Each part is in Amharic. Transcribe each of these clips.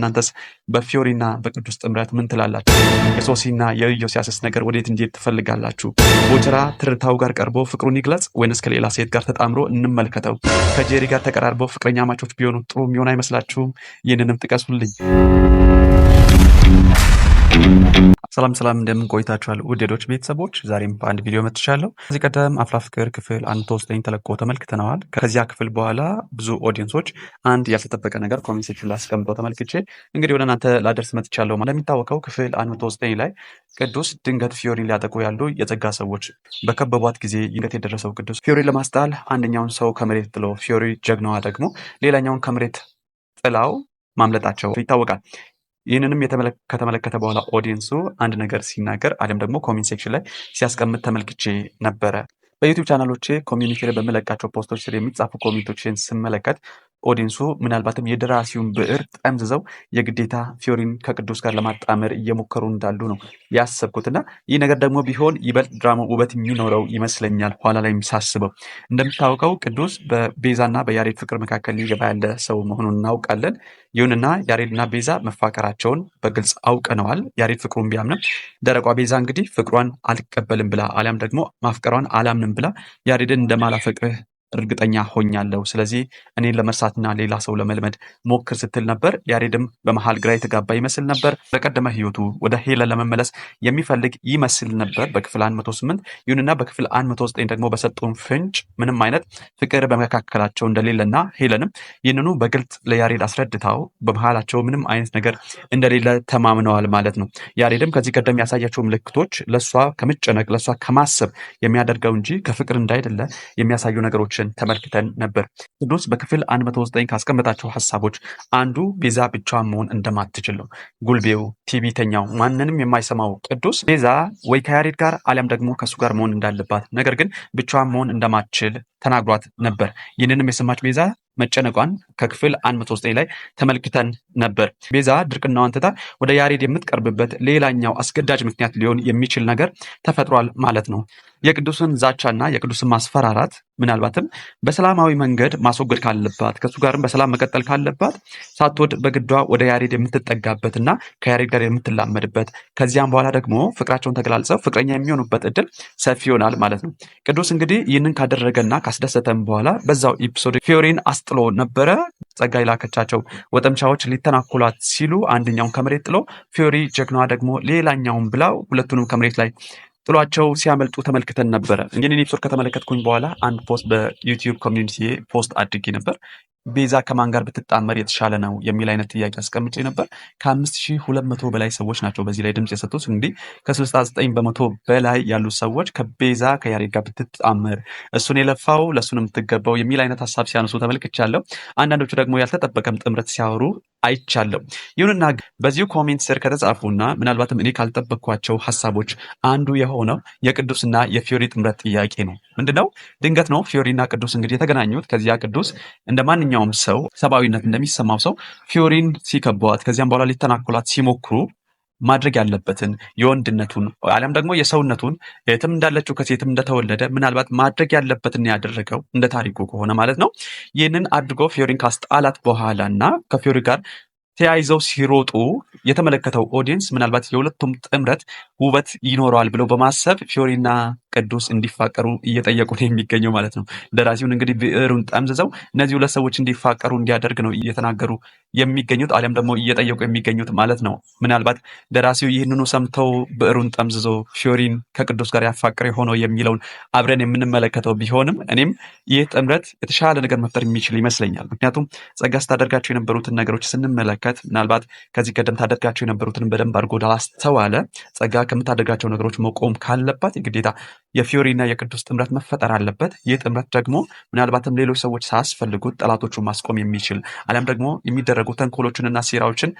እናንተስ በፊዮሪና በቅዱስ ጥምረት ምን ትላላችሁ? የሶሲና የኢዮስያስስ ነገር ወዴት እንዴት ትፈልጋላችሁ? ቡችራ ትርታው ጋር ቀርቦ ፍቅሩን ይግለጽ ወይንስ ከሌላ ሴት ጋር ተጣምሮ እንመልከተው? ከጄሪ ጋር ተቀራርበው ፍቅረኛ ማቾች ቢሆኑ ጥሩ የሚሆን አይመስላችሁም? ይህንንም ጥቀሱልኝ። ሰላም ሰላም እንደምን ቆይታችኋል? ውዴዶች ቤተሰቦች ዛሬም በአንድ ቪዲዮ መጥቻለሁ። ከዚህ ቀደም አፍላ ፍቅር ክፍል አንድ ተወስደኝ ተለቆ ተመልክተነዋል። ከዚያ ክፍል በኋላ ብዙ ኦዲየንሶች አንድ ያልተጠበቀ ነገር ኮሜንት ሴክሽን ላይ አስቀምጠው ተመልክቼ እንግዲህ ወደ እናንተ ላደርስ መጥቻለሁ። እንደሚታወቀው ክፍል አንድ ተወስደኝ ላይ ቅዱስ ድንገት ፊዮሪን ሊያጠቁ ያሉ የጸጋ ሰዎች በከበቧት ጊዜ ድንገት የደረሰው ቅዱስ ፊዮሪን ለማስጣል አንደኛውን ሰው ከመሬት ጥሎ ፊዮሪ ጀግናዋ ደግሞ ሌላኛውን ከመሬት ጥላው ማምለጣቸው ይታወቃል። ይህንንም ከተመለከተ በኋላ ኦዲየንሱ አንድ ነገር ሲናገር አሊያም ደግሞ ኮሜንት ሴክሽን ላይ ሲያስቀምጥ ተመልክቼ ነበረ። በዩቲዩብ ቻናሎቼ ኮሚኒቲ ላይ በምለቃቸው ፖስቶች ስር የሚጻፉ ኮሜንቶችን ስመለከት ኦዲንሶ ምናልባትም የደራሲውን ብዕር ጠምዝዘው የግዴታ ፊዮሪን ከቅዱስ ጋር ለማጣመር እየሞከሩ እንዳሉ ነው ያሰብኩትና ይህ ነገር ደግሞ ቢሆን ይበልጥ ድራማ ውበት የሚኖረው ይመስለኛል። ኋላ ላይም ሳስበው እንደምታውቀው ቅዱስ በቤዛና በያሬድ ፍቅር መካከል ሊገባ ያለ ሰው መሆኑን እናውቃለን። ይሁንና ያሬድና ቤዛ መፋቀራቸውን በግልጽ አውቀነዋል። ያሬድ ፍቅሩን ቢያምንም ደረቋ ቤዛ እንግዲህ ፍቅሯን አልቀበልም ብላ አሊያም ደግሞ ማፍቀሯን አላምንም ብላ ያሬድን እንደማላፈቅህ እርግጠኛ ሆኛለሁ። ስለዚህ እኔን ለመርሳትና ሌላ ሰው ለመልመድ ሞክር ስትል ነበር። ያሬድም በመሀል ግራ የተጋባ ይመስል ነበር። በቀደመ ህይወቱ ወደ ሄለ ለመመለስ የሚፈልግ ይመስል ነበር በክፍል 108 ይሁንና በክፍል 109 ደግሞ በሰጡን ፍንጭ ምንም አይነት ፍቅር በመካከላቸው እንደሌለና ሄለንም ይህንኑ በግልጽ ለያሬድ አስረድታው በመሀላቸው ምንም አይነት ነገር እንደሌለ ተማምነዋል ማለት ነው። ያሬድም ከዚህ ቀደም ያሳያቸው ምልክቶች ለእሷ ከመጨነቅ ለእሷ ከማሰብ የሚያደርገው እንጂ ከፍቅር እንዳይደለ የሚያሳዩ ነገሮች ጉዳዮችን ተመልክተን ነበር። ቅዱስ በክፍል 109 ካስቀመጣቸው ሀሳቦች አንዱ ቤዛ ብቻዋን መሆን እንደማትችል ነው። ጉልቤው፣ ቲቢተኛው፣ ማንንም የማይሰማው ቅዱስ ቤዛ ወይ ከያሬድ ጋር አሊያም ደግሞ ከእሱ ጋር መሆን እንዳለባት ነገር ግን ብቻ መሆን እንደማትችል ተናግሯት ነበር። ይህንንም የሰማች ቤዛ መጨነቋን ከክፍል 109 ላይ ተመልክተን ነበር። ቤዛ ድርቅናዋን ትታ ወደ ያሬድ የምትቀርብበት ሌላኛው አስገዳጅ ምክንያት ሊሆን የሚችል ነገር ተፈጥሯል ማለት ነው። የቅዱስን ዛቻና የቅዱስን ማስፈራራት ምናልባትም በሰላማዊ መንገድ ማስወገድ ካለባት ከእሱ ጋርም በሰላም መቀጠል ካለባት ሳትወድ በግዷ ወደ ያሬድ የምትጠጋበትና ከያሬድ ጋር የምትላመድበት ከዚያም በኋላ ደግሞ ፍቅራቸውን ተገላልጸው ፍቅረኛ የሚሆኑበት እድል ሰፊ ይሆናል ማለት ነው። ቅዱስ እንግዲህ ይህንን ካደረገና ካስደሰተም በኋላ በዛው ኤፒሶድ ፊዮሪን አስጥሎ ነበረ። ጸጋ የላከቻቸው ወጠምቻዎች ሊተናኮሏት ሲሉ አንደኛውን ከመሬት ጥሎ ፊዮሪ ጀግናዋ ደግሞ ሌላኛውን ብላ ሁለቱንም ከመሬት ላይ ጥሏቸው ሲያመልጡ ተመልክተን ነበረ። እንግዲህ እኔ ኤፒሶድ ከተመለከትኩኝ በኋላ አንድ ፖስት በዩቲዩብ ኮሚኒቲ ፖስት አድርጌ ነበር። ቤዛ ከማን ጋር ብትጣመር የተሻለ ነው የሚል አይነት ጥያቄ አስቀምጬ ነበር። ከአምስት ሺህ ሁለት መቶ በላይ ሰዎች ናቸው በዚህ ላይ ድምፅ የሰጡት። እንግዲህ ከ69 በመቶ በላይ ያሉ ሰዎች ከቤዛ ከያሬድ ጋር ብትጣመር እሱን የለፋው ለእሱን የምትገባው የሚል አይነት ሀሳብ ሲያነሱ ተመልክቻለሁ። አንዳንዶቹ ደግሞ ያልተጠበቀም ጥምረት ሲያወሩ አይቻለሁ። ይሁንና በዚሁ ኮሜንት ስር ከተጻፉና ምናልባትም እኔ ካልጠበቅኳቸው ሀሳቦች አንዱ የሆ የሆነው የቅዱስና የፊዮሪ ጥምረት ጥያቄ ነው። ምንድነው? ድንገት ነው ፊዮሪና ቅዱስ እንግዲህ የተገናኙት። ከዚያ ቅዱስ እንደ ማንኛውም ሰው ሰብአዊነት እንደሚሰማው ሰው ፊዮሪን ሲከቧት፣ ከዚያም በኋላ ሊተናኮላት ሲሞክሩ ማድረግ ያለበትን የወንድነቱን አሊያም ደግሞ የሰውነቱን የትም እንዳለችው ከሴትም እንደተወለደ ምናልባት ማድረግ ያለበትን ያደረገው እንደ ታሪኩ ከሆነ ማለት ነው። ይህንን አድርጎ ፊዮሪን ካስጣላት በኋላ እና ከፊዮሪ ጋር ተያይዘው ሲሮጡ የተመለከተው ኦዲየንስ ምናልባት የሁለቱም ጥምረት ውበት ይኖረዋል ብለው በማሰብ ፊዮሪና ቅዱስ እንዲፋቀሩ እየጠየቁ ነው የሚገኘው ማለት ነው። ደራሲውን እንግዲህ ብዕሩን ጠምዝዘው እነዚህ ሁለት ሰዎች እንዲፋቀሩ እንዲያደርግ ነው እየተናገሩ የሚገኙት አሊያም ደግሞ እየጠየቁ የሚገኙት ማለት ነው። ምናልባት ደራሲው ይህንኑ ሰምተው ብዕሩን ጠምዝዞ ሽሪን ከቅዱስ ጋር ያፋቅር የሆነው የሚለውን አብረን የምንመለከተው ቢሆንም እኔም ይህ ጥምረት የተሻለ ነገር መፍጠር የሚችል ይመስለኛል። ምክንያቱም ጸጋ ስታደርጋቸው የነበሩትን ነገሮች ስንመለከት ምናልባት ከዚህ ቀደም ታደርጋቸው የነበሩትን በደንብ አድርጎ ላስተዋለ ጸጋ ከምታደርጋቸው ነገሮች መቆም ካለባት የግዴታ የፊዮሪና የቅዱስ ጥምረት መፈጠር አለበት። ይህ ጥምረት ደግሞ ምናልባትም ሌሎች ሰዎች ሳያስፈልጉት ጠላቶቹን ማስቆም የሚችል አሊያም ደግሞ የሚደረጉ ተንኮሎችንና ሴራዎችን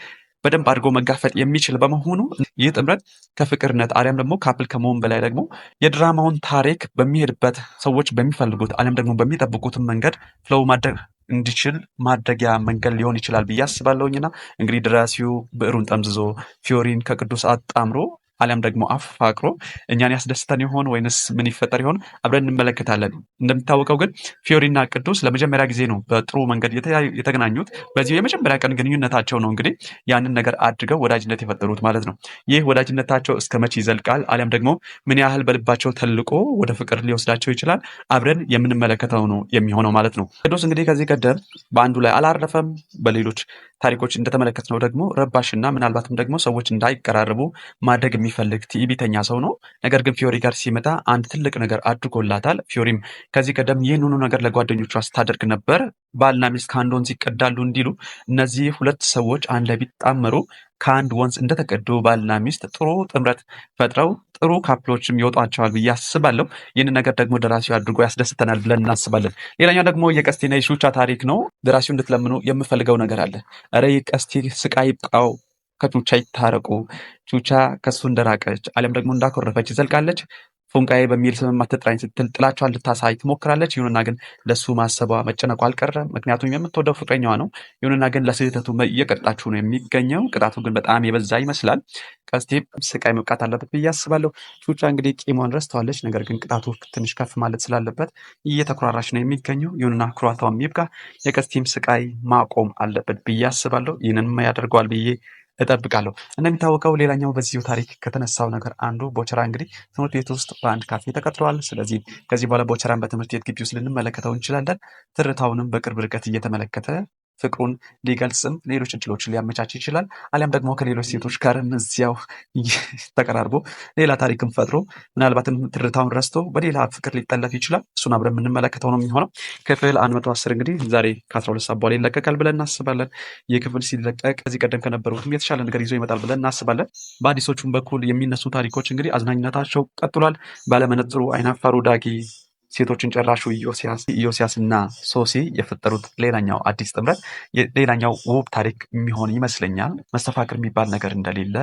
በደንብ አድርጎ መጋፈጥ የሚችል በመሆኑ ይህ ጥምረት ከፍቅርነት አሊያም ደግሞ ካፕል ከመሆን በላይ ደግሞ የድራማውን ታሪክ በሚሄድበት ሰዎች በሚፈልጉት አሊያም ደግሞ በሚጠብቁትን መንገድ ፍለው ማድረግ እንዲችል ማድረጊያ መንገድ ሊሆን ይችላል ብዬ አስባለሁኝና እንግዲህ ደራሲው ብዕሩን ጠምዝዞ ፊዮሪን ከቅዱስ አጣምሮ አሊያም ደግሞ አፋቅሮ እኛን ያስደስተን ይሆን ወይንስ ምን ይፈጠር ይሆን? አብረን እንመለከታለን። እንደሚታወቀው ግን ፊዮሪና ቅዱስ ለመጀመሪያ ጊዜ ነው በጥሩ መንገድ የተገናኙት። በዚህ የመጀመሪያ ቀን ግንኙነታቸው ነው እንግዲህ ያንን ነገር አድርገው ወዳጅነት የፈጠሩት ማለት ነው። ይህ ወዳጅነታቸው እስከ መቼ ይዘልቃል? አሊያም ደግሞ ምን ያህል በልባቸው ተልቆ ወደ ፍቅር ሊወስዳቸው ይችላል? አብረን የምንመለከተው ነው የሚሆነው ማለት ነው። ቅዱስ እንግዲህ ከዚህ ቀደም በአንዱ ላይ አላረፈም። በሌሎች ታሪኮች እንደተመለከትነው ደግሞ ረባሽና ምናልባትም ደግሞ ሰዎች እንዳይቀራረቡ ማድረግ የሚፈልግ ትዕቢተኛ ሰው ነው። ነገር ግን ፊዮሪ ጋር ሲመጣ አንድ ትልቅ ነገር አድርጎላታል። ፊዮሪም ከዚህ ቀደም ይህንኑ ነገር ለጓደኞቿ ስታደርግ ነበር፣ ባልና ሚስት ከአንድ ወንዝ ይቀዳሉ እንዲሉ እነዚህ ሁለት ሰዎች አንድ ላይ ቢጣመሩ ከአንድ ወንዝ እንደተቀዱ ባልና ሚስት ጥሩ ጥምረት ፈጥረው ጥሩ ካፕሎችም ይወጧቸዋል ብዬ አስባለሁ። ይህን ነገር ደግሞ ደራሲው አድርጎ ያስደስተናል ብለን እናስባለን። ሌላኛው ደግሞ የቀስቴና የሹቻ ታሪክ ነው። ደራሲው እንድትለምኑ የምፈልገው ነገር አለ። ኧረ ቀስቴ ስቃይ ይብቃው ከቹቻ ይታረቁ፣ ቹቻ ከሱ እንደራቀች አሊያም ደግሞ እንዳኮረፈች ይዘልቃለች። ፉንቃዬ በሚል ስም ማትጥራኝ ስትል ጥላቿን ልታሳይ ትሞክራለች። ይሁንና ግን ለሱ ማሰቧ መጨነቁ አልቀረም። ምክንያቱም የምትወደው ፍቅረኛዋ ነው። ይሁንና ግን ለስህተቱ እየቀጣችሁ ነው የሚገኘው። ቅጣቱ ግን በጣም የበዛ ይመስላል። ቀስቴም ስቃይ መብቃት አለበት ብዬ አስባለሁ። ቹቻ እንግዲህ ቂሟን ረስተዋለች። ነገር ግን ቅጣቱ ትንሽ ከፍ ማለት ስላለበት እየተኩራራች ነው የሚገኘው። ይሁንና ኩራታው የሚብቃ የቀስቴም ስቃይ ማቆም አለበት ብዬ አስባለሁ። ይህንን ያደርገዋል ብዬ እጠብቃለሁ። እንደሚታወቀው ሌላኛው በዚሁ ታሪክ ከተነሳው ነገር አንዱ ቦቸራ እንግዲህ ትምህርት ቤት ውስጥ በአንድ ካፌ ተቀጥሯል። ስለዚህ ከዚህ በኋላ ቦቸራን በትምህርት ቤት ግቢ ውስጥ ልንመለከተው እንችላለን። ትርታውንም በቅርብ ርቀት እየተመለከተ ፍቅሩን ሊገልጽም ሌሎች እድሎችን ሊያመቻች ይችላል። አሊያም ደግሞ ከሌሎች ሴቶች ጋርም እዚያው ተቀራርቦ ሌላ ታሪክም ፈጥሮ ምናልባትም ትርታውን ረስቶ በሌላ ፍቅር ሊጠለፍ ይችላል። እሱን አብረን የምንመለከተው ነው የሚሆነው። ክፍል አንድ መቶ አስር እንግዲህ ዛሬ ከአስራ ሁለት ሰዓት በኋላ ይለቀቃል ብለን እናስባለን። ይህ ክፍል ሲለቀቅ ከዚህ ቀደም ከነበሩትም የተሻለ ነገር ይዞ ይመጣል ብለን እናስባለን። በአዲሶቹም በኩል የሚነሱ ታሪኮች እንግዲህ አዝናኝነታቸው ቀጥሏል። ባለመነጽሩ አይናፋሩ ዳጊ ሴቶችን ጨራሹ እና ሶሲ የፈጠሩት ሌላኛው አዲስ ጥምረት ሌላኛው ውብ ታሪክ የሚሆን ይመስለኛል። መስተፋቅር የሚባል ነገር እንደሌለ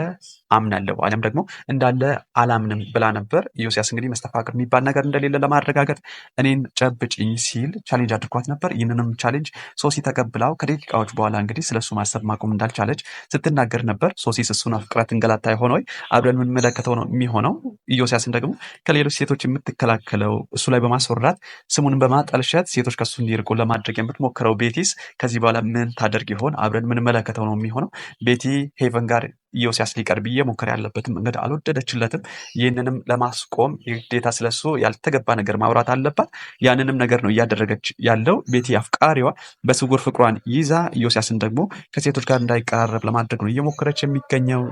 አምናለሁ አሊያም ደግሞ እንዳለ አላምንም ብላ ነበር። ኢዮስያስ እንግዲህ መስተፋቅር የሚባል ነገር እንደሌለ ለማረጋገጥ እኔን ጨብጭኝ ሲል ቻሌንጅ አድርጓት ነበር። ይህንንም ቻሌንጅ ሶሲ ተቀብላው ከደቂቃዎች በኋላ እንግዲህ ስለሱ ማሰብ ማቆም እንዳልቻለች ስትናገር ነበር። ሶሲ ስሱን አፍቅራ እንገላታ የሆነ ወይ አብረን የምንመለከተው ነው የሚሆነው። ኢዮስያስን ደግሞ ከሌሎች ሴቶች የምትከላከለው እሱ ላይ በማስወራት ስሙንም በማጠልሸት ሴቶች ከሱ እንዲርቁ ለማድረግ የምትሞክረው ቤቲስ ከዚህ በኋላ ምን ታደርግ ይሆን? አብረን የምንመለከተው ነው የሚሆነው። ቤቲ ሄቨን ጋር ኢዮስያስ ሊቀር ብዬ ሞከር ያለበትን መንገድ አልወደደችለትም። ይህንንም ለማስቆም የግዴታ ስለሱ ያልተገባ ነገር ማውራት አለባት። ያንንም ነገር ነው እያደረገች ያለው። ቤቲ አፍቃሪዋ በስውር ፍቅሯን ይዛ ኢዮስያስን ደግሞ ከሴቶች ጋር እንዳይቀራረብ ለማድረግ ነው እየሞከረች የሚገኘው።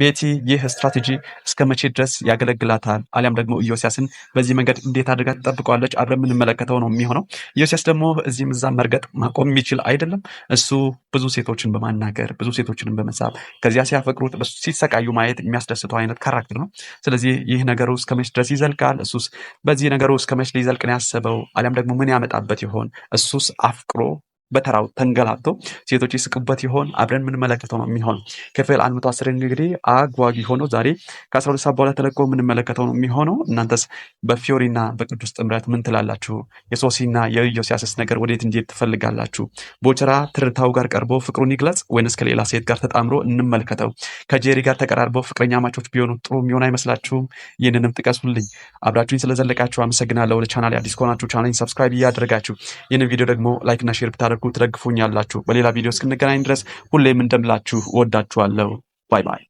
ቤቲ ይህ ስትራቴጂ እስከ መቼ ድረስ ያገለግላታል? አሊያም ደግሞ ኢዮስያስን በዚህ መንገድ እንዴት አድርጋ ትጠብቀዋለች? አብረን የምንመለከተው ነው የሚሆነው። ኢዮስያስ ደግሞ እዚህም እዛ መርገጥ ማቆም የሚችል አይደለም። እሱ ብዙ ሴቶችን በማናገር ብዙ ሴቶችንም በመሳብ ከዚያ ሲያፈቅሩት ሲሰቃዩ ማየት የሚያስደስተው አይነት ካራክተር ነው። ስለዚህ ይህ ነገሩ እስከ መቼ ድረስ ይዘልቃል? እሱስ በዚህ ነገሩ እስከ መቼ ሊዘልቅ ነው ያሰበው? አሊያም ደግሞ ምን ያመጣበት ይሆን? እሱስ አፍቅሮ በተራው ተንገላቶ ሴቶች ይስቅበት ይሆን? አብረን ምንመለከተው ነው የሚሆን ክፍል 110 እንግዲህ አጓጊ ሆኖ ዛሬ ከ12 ሰዓት በኋላ ተለቆ ምንመለከተው ነው የሚሆነው። እናንተስ በፊዮሪና በቅዱስ ጥምረት ምን ትላላችሁ? የሶሲና የኢዮስያስስ ነገር ወዴት እንዴት ትፈልጋላችሁ? ቦቸራ ትርታው ጋር ቀርቦ ፍቅሩን ይግለጽ ወይንስ ከሌላ ሴት ጋር ተጣምሮ እንመልከተው? ከጄሪ ጋር ተቀራርበው ፍቅረኛ ማቾች ቢሆኑ ጥሩ የሚሆን አይመስላችሁም? ይህንንም ጥቀሱልኝ። አብራችሁኝ ስለዘለቃችሁ አመሰግናለሁ። ለቻናል አዲስ ከሆናችሁ ቻናል ሰብስክራይብ እያደረጋችሁ ይህንን ቪዲዮ ደግሞ ላይክና ሼር ብታደርጉ እያደረጋችሁ ትደግፉኛላችሁ። በሌላ ቪዲዮ እስክንገናኝ ድረስ ሁሌም እንደምላችሁ ወዳችኋለሁ። ባይ ባይ።